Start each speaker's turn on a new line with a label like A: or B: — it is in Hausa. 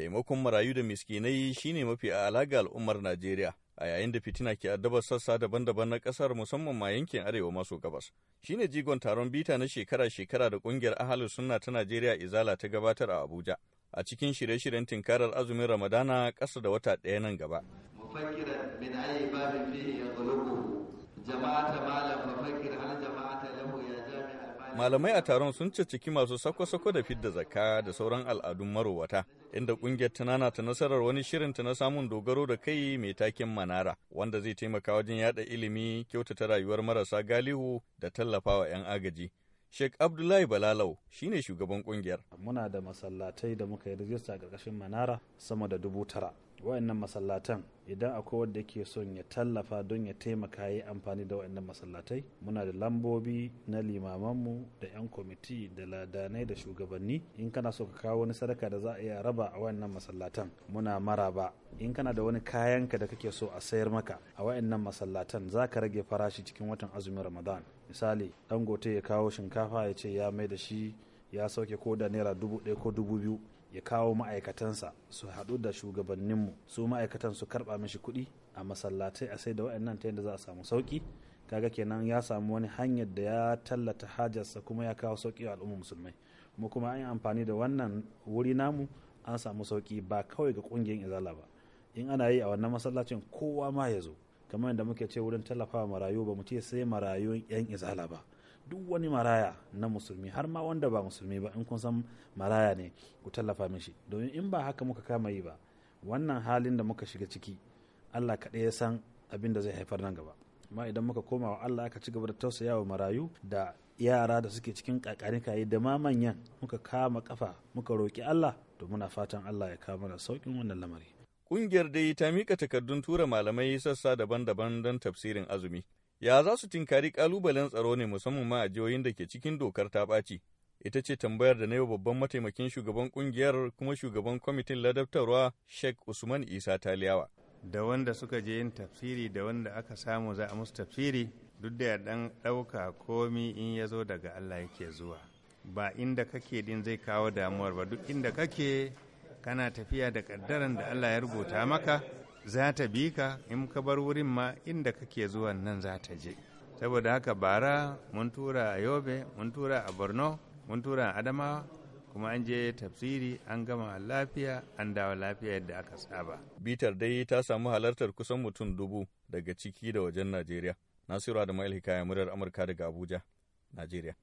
A: Taimakon marayu da miskinai shine mafi ala al'ummar Najeriya. a yayin da fitina ke addabar sassa daban-daban na kasar musamman ma yankin arewa maso gabas. shine jigon taron bita na shekara-shekara da kungiyar ahalu sunna ta Najeriya Izala ta gabatar a Abuja. A cikin shirye-shiryen tinkarar azumin Ramadana ƙasa da wata ɗaya nan gaba.
B: Mufakkiran min ayi babin fihi ya jama'a ta malam mufakkiran hal jama'a
A: malamai a taron sun ciki masu sako-sako da fidda zakka da sauran al'adun marowata inda kungiyar tunana ta nasarar wani shirin ta na samun dogaro da kai mai taken manara wanda zai taimaka wajen yada ilimi kyautata rayuwar marasa galihu da tallafawa 'yan agaji Sheikh Abdullahi Balalau shine shugaban kungiyar.
C: Muna da masallatai da muka yi rajista a ƙarƙashin Manara sama da dubu tara. wa'annan masallatan idan akwai wanda ke son ya tallafa don ya taimaka yi amfani da wa'annan masallatai muna da lambobi na limamanmu da 'yan kwamiti da ladanai da shugabanni in kana so ka kawo wani sadaka da za a iya raba a wa'annan masallatan muna maraba in kana da wani kayanka da kake so a sayar maka a wa'annan masallatan za ka rage farashi cikin watan azumin ramadan misali dangote ya kawo shinkafa ya ce ya mai da shi ya sauke ko da naira dubu ɗaya ko dubu biyu ya kawo ma'aikatansa su haɗu da shugabanninmu su ma'aikatan su karɓa mishi kuɗi a masallatai a sai da wa'annan ta yadda za a samu sauƙi kaga kenan ya samu wani hanyar da ya tallata hajarsa kuma ya kawo sauki wa al'ummar musulmai mu kuma an yi amfani da wannan wuri namu an samu sauƙi ba kawai ga ƙungiyar izala ba in ana yi a wannan masallacin kowa ma ya zo kamar yadda muke ce wurin tallafawa marayu ba mu ce sai marayun yan izala ba duk wani maraya na musulmi har ma wanda ba musulmi ba in kun san maraya ne ku tallafa mishi domin in ba haka muka kama yi ba wannan halin da muka shiga ciki allah kaɗai ya san abin da zai haifar nan gaba amma idan muka koma wa allah aka ci gaba da wa marayu da yara da suke cikin ƙaƙarin kayi da ma manyan muka kama kafa muka roƙi allah to muna fatan allah ya kama da sauƙin wannan lamari
A: Ƙungiyar dai ta mika takardun tura malamai sassa daban-daban don tafsirin azumi. Ya za su tinkari ƙalubalen tsaro ne musamman ma a jihohin da ke cikin dokar ta ɓaci? Ita ce tambayar da na yau babban mataimakin shugaban ƙungiyar kuma shugaban kwamitin
B: ladabtarwa Sheikh Usman Isa Taliyawa. Da wanda suka je yin tafsiri da wanda aka samu za a musu tafsiri duk da ya ɗan ɗauka komi in ya zo daga Allah yake zuwa. Ba inda kake din zai kawo damuwar ba duk inda kake kana tafiya da kaddaran da Allah ya rubuta maka za ta bi ka in ka bar wurin ma inda kake zuwan nan za ta je saboda haka bara mun tura a yobe mun tura a borno mun tura a adamawa kuma an je tafsiri an gama lafiya an dawo lafiya yadda aka saba bitar dai ta samu halartar kusan mutum dubu daga ciki
A: da wajen najeriya nasiru da mail hikaya murar amurka daga abuja najeriya